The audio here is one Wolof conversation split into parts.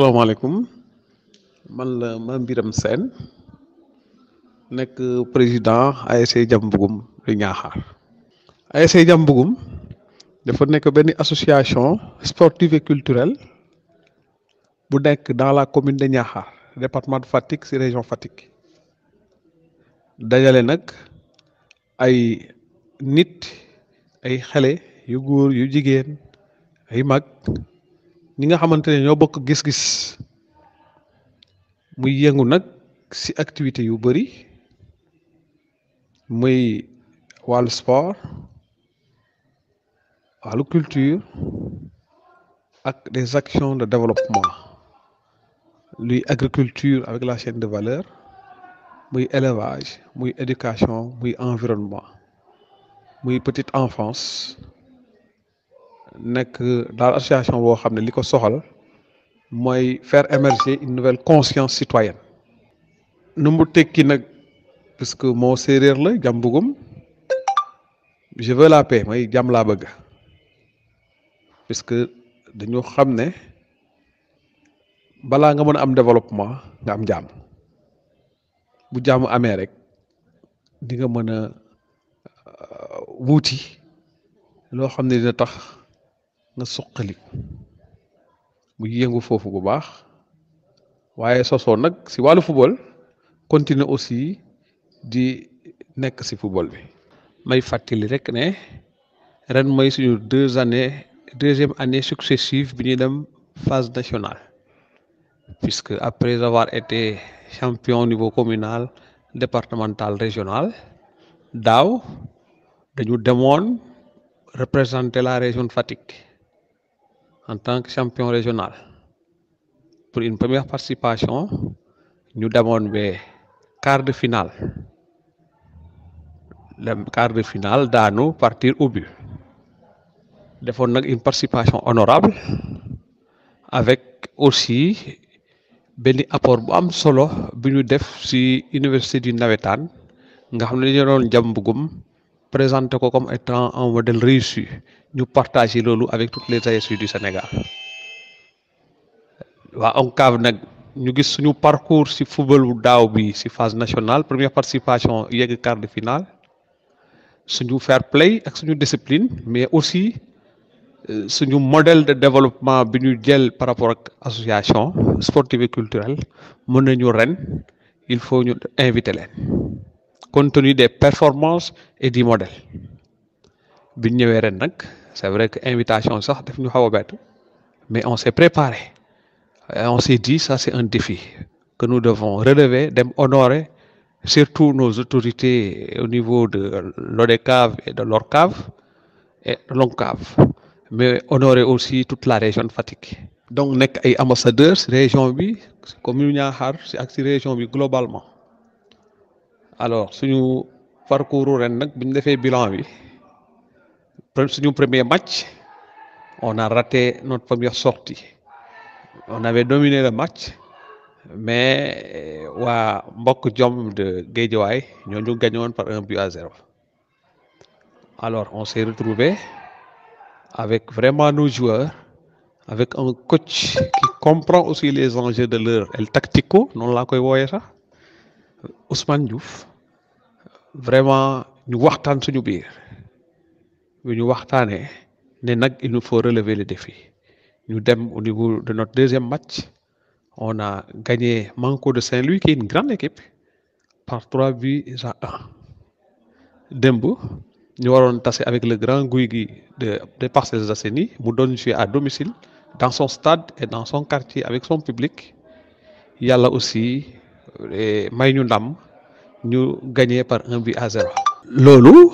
salaamaaleykum man la Mame Birame Sène nekk président ASC Diambougum du Niakhar ASC Diambougum dafa nekk benn association sportive et culturelle bu nekk dans la commune de Niakhar département de Fatick ci région Fatick dajale nag ay nit ay xale yu góor yu jigéen ay mag Nous nga xamantene ñoo bokk gis-gis muy activité yu bari muy sport culture des actions de développement luy agriculture avec la chaîne de valeur muy élevage muy éducation muy environnement muy petite enfance nekk daal association boo xam ne li ko soxal mooy faire émerger une nouvelle conscience citoyenne nu mu tekki nag que moo séeréer la jàm bugum je veux la paix mooy Jam laa bëgg que dañu xam ne balaa nga mën a am développement nga am jàmm bu jàmm amee rek di nga mën a euh, wuuti loo xam ne dina tax na suqali mu yëngu foofu bu baax waaye sosoo nag si wàllu football continue aussi di nekk si football bi may fàttali rek ne ren mooy suñu deux années deuxième année successive bi ñuy dem phase nationale puisque après avoir été champion au niveau communal départemental régional daaw dañu demoon représenter la région de Fatick en tant que champion régional pour une première participation nous demandons mais quart de finale le quart de finale nous partir au but Nous une participation honorable avec aussi un apport bu solo université du Navetan. Présente comme étant un modèle réussi ñu le lot avec toutes les ASU du Sénégal on cave nous ñu gis suñu parcours ci football bu daw bi ci phase nationale première participation yegg quart de finale suñu fair play ak suñu discipline mais aussi euh, suñu modèle de développement bi par rapport à association sportive et culturelle mën ren il faut ñu inviter l'aide compte tenu des performances et du modèle c'est vrai que invitation sax daf mais on s'est préparé on s'est dit ça c'est un défi que nous devons relever d'honorer honorer surtout nos autorités au niveau de l'ODECAV et de l'ORCAV et l'ONCAV mais honorer aussi toute la région de donc nous sommes ambassadeurs région bi région c'est la ak région globalement alors suñu parcours ren nag bu bilan bi premier match on a raté notre première sortie on avait dominé le match mais euh, wa mbok jom de gens Nous avons gagné par un but à zéro alors on s'est retrouvé avec vraiment nos joueurs avec un coach qui comprend aussi les enjeux de l'heure et le tactico koy Ousmane Diouf vraiment ñu waxtaan suñu biir ñu waxtaanee ne nag il nous faut relever le défi ñu dem au niveau de notre deuxième match on a gagné Manco de Saint-Louis qui est une grande équipe par 3 buts à un démb ñu waroon tase avec le grand Guigui de de Parcelles Assainies mu doon à domicile dans son stade et dans son quartier avec son public Il yalla aussi may ñu ndam nous gagné par un but à zéro. Lolo,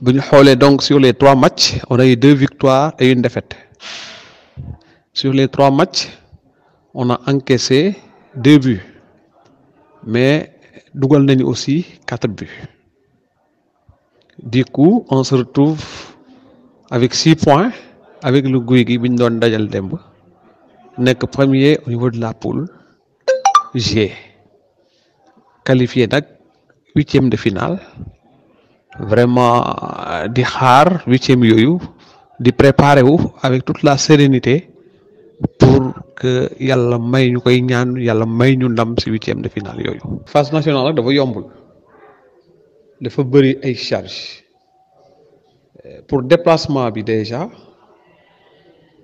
nous donc sur les trois matchs on a eu deux victoires et une défaite sur les trois matchs on a encaissé deux buts mais nous avons aussi quatre buts du coup on se retrouve avec six points avec le Guigui, Bindon premier au niveau de la poule G qualifié 8 huitième de finale vraiment euh, di xaar huitième yooyu di préparer wu avec toute la sérénité pour que yàlla may ñu koy ñaan yàlla may ñu ndam huitième de finale yooyu. phase nationale nag dafa yombul dafa bëri ay charge euh, pour déplacement bi déjà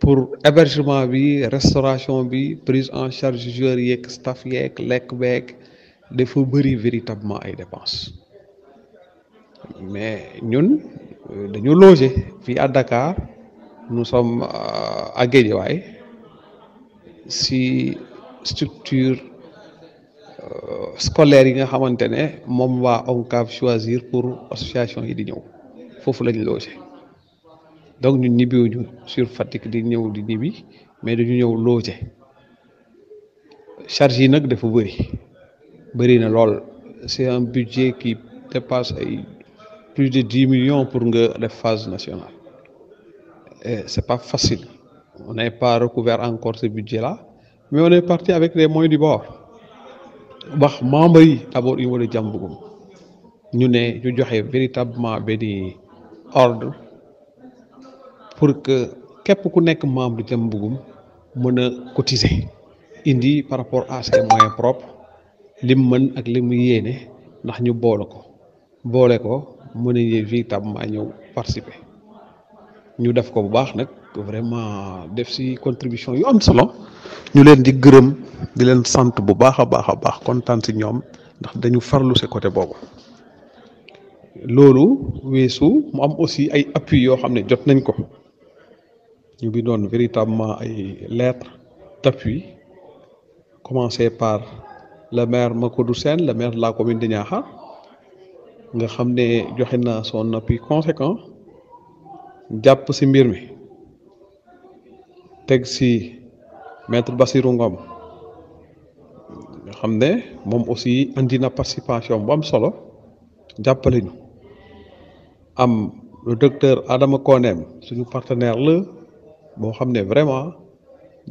pour hébergement bi restauration bi prise en charge joueurs yeeg staff yeeg lekk dafa bëri véritablement ay dépenses mais ñun euh, dañu loger fii à Dakar nous sommes euh, à Guédiawaye si structure euh, scolaire yi nga xamante ne moom waa ONCAV choisir pour association yi di ñëw foofu lañu loger donc ñun ñibbiwuñu sur fatigue di ñëw di mais dañu ñëw loger charge yi nag dafa bëri c'est un budget qui dépasse plus de 10 millions pour la phase nationale et c'est pas facile on n'est pas recouvert encore ce budget là mais on est parti avec les moyens du bord wax membres yi d'abord ils voulaient a ñu né ñu joxé véritablement benn ordre pour que les ku nekk membre jàmbugum mën a cotiser indi par rapport à ses moyens propres lim man ak ndax ñu boole ko boole ko mën a Nous ñëw participer ñu ko bu baax vraiment def si contribution yu am solo ñu di di bu baax si ndax dañu farlu si côté mu am aussi ay appui Nous jot nañ ko véritablement ay lettres d'appui commencé par le maire Makodou Sen, le maire de la commune de Niaha. nga xam ne joxe na son appui conséquent jàpp si mbir mi teg si maître Bassirou Ngom nga xam mom aussi andi na participation bu am solo jàppale ñu am le docteur Adama Konem suñu partenaire le bo xam vraiment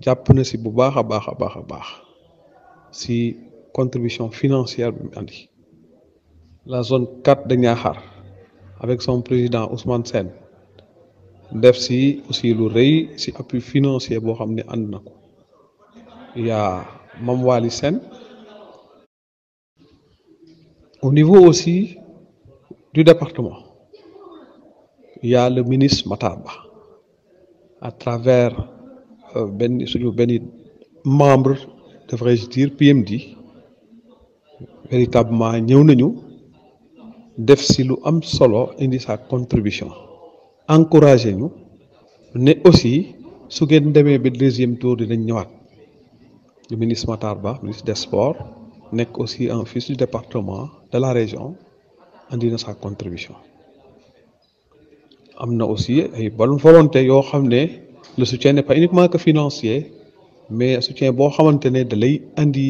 jàpp na si bu baax a baax baax si contribution financière la zone 4 de Niakhar avec son président Ousmane Sen def ci aussi lu c'est un appui financier pour xamné Anna. nako ya mam Sen. au niveau aussi du département il y a le ministre Mataba, à travers euh, benn suñu ben, membre devrais-je dire PMD véritablement ñëw nañu def si lu am solo indi sa contribution encouragé ñu ne aussi su ngeen demee ba deuxième tour dinañ ñëwaat le ministre Matarba, ministre des sports nekk aussi un fils du département de la région andi na sa contribution am na aussi ay bonne volonté yoo xam le soutien n'est pas uniquement que financier mais soutien boo xamante ne da lay andi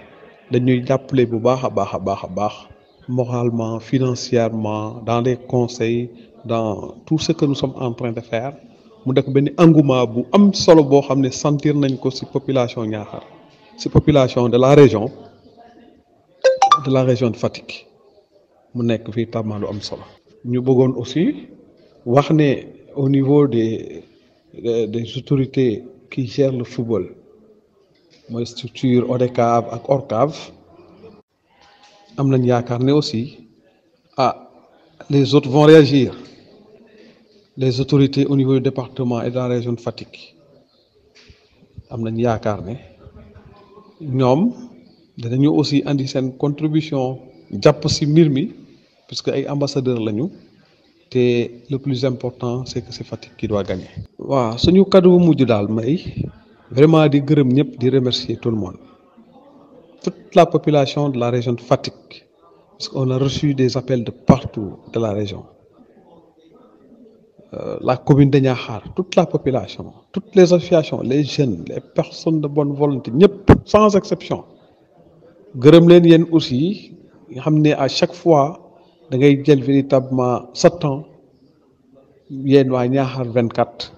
dañuy jàppale bu baax moralement financièrement dans les conseils dans tout ce que nous sommes en train de faire mu def engouement bu am solo sentir population population de la région de la région de Fatick mu nekk aussi wax au niveau des des autorités qui gèrent le football mooy structure ODECAV ak ORCAV am nañ yaakaar aussi ah les autres vont réagir les autorités au niveau du département et de la région de Fatick am nañ yaakaar ne ñoom aussi andi seen contribution jàpp si mirmi puisque ay ambassadeurs lañu te le plus important c'est que c'est Fatick qui doit gagner. waaw suñu cadre bu mujj daal may vraiment di gërëm remercier tout le monde toute la population de la région de parce qu'on a reçu des appels de partout de la région euh, la commune de Nyahar, toute la population toutes les associations les jeunes les personnes de bonne volonté sans exception gërëm leen aussi à chaque fois da ngay véritablement Satan nous wa 24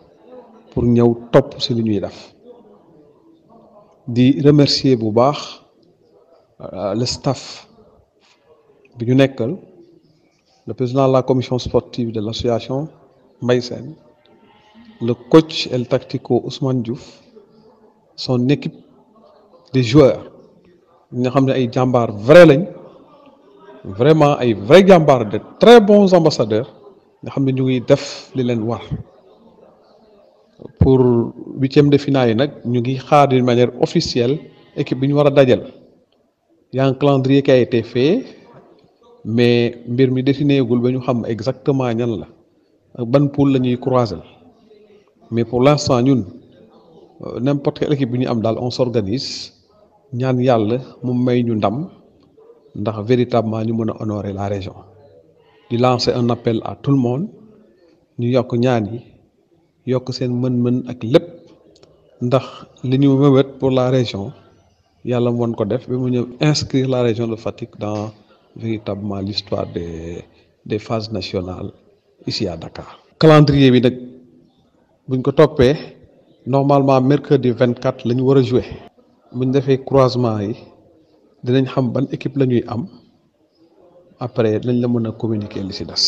pour nous Top sur li di remercier bu euh, le staff bi ñu le président de la commission sportive de l'association Mbaye le coach et le tactico Ousmane Diouf son équipe des joueurs ñi avons des ne ay jàmbaar vrai vraiment ay vrai de très bons ambassadeurs Nous xam ne ñu ngi def li leen pour huitième de finale nak ñu ngi xaar d'une manière officielle équipe bi ñu wara a dajal y a un calendrier qui a été fait mais mbir mi dessiné gul ba ñu xam exactement ñan la ak ban pool la ñuy croiser mais pour l'instant ñun euh, n'importe quelle équipe bi ñu am dal on s'organise ñaan yalla mu may ñu ndam ndax véritablement ñu mën honorer la région di lancer un appel à tout le monde ñu yokk ñaan yi yokk seen mën-mën ak lépp ndax li ñu mëbët pour la région yàlla moon ko def bi mu ñëw inscrire la région de Fatick dans véritablement l'histoire des des phases nationales ici à Dakar. calendrier bi nag buñ ko toppee normalement mercredi 24 la ñu war a jouer. buñ defee croisement yi dinañ xam ban équipe la ñuy am après lañ la mën a communiquer li ci des.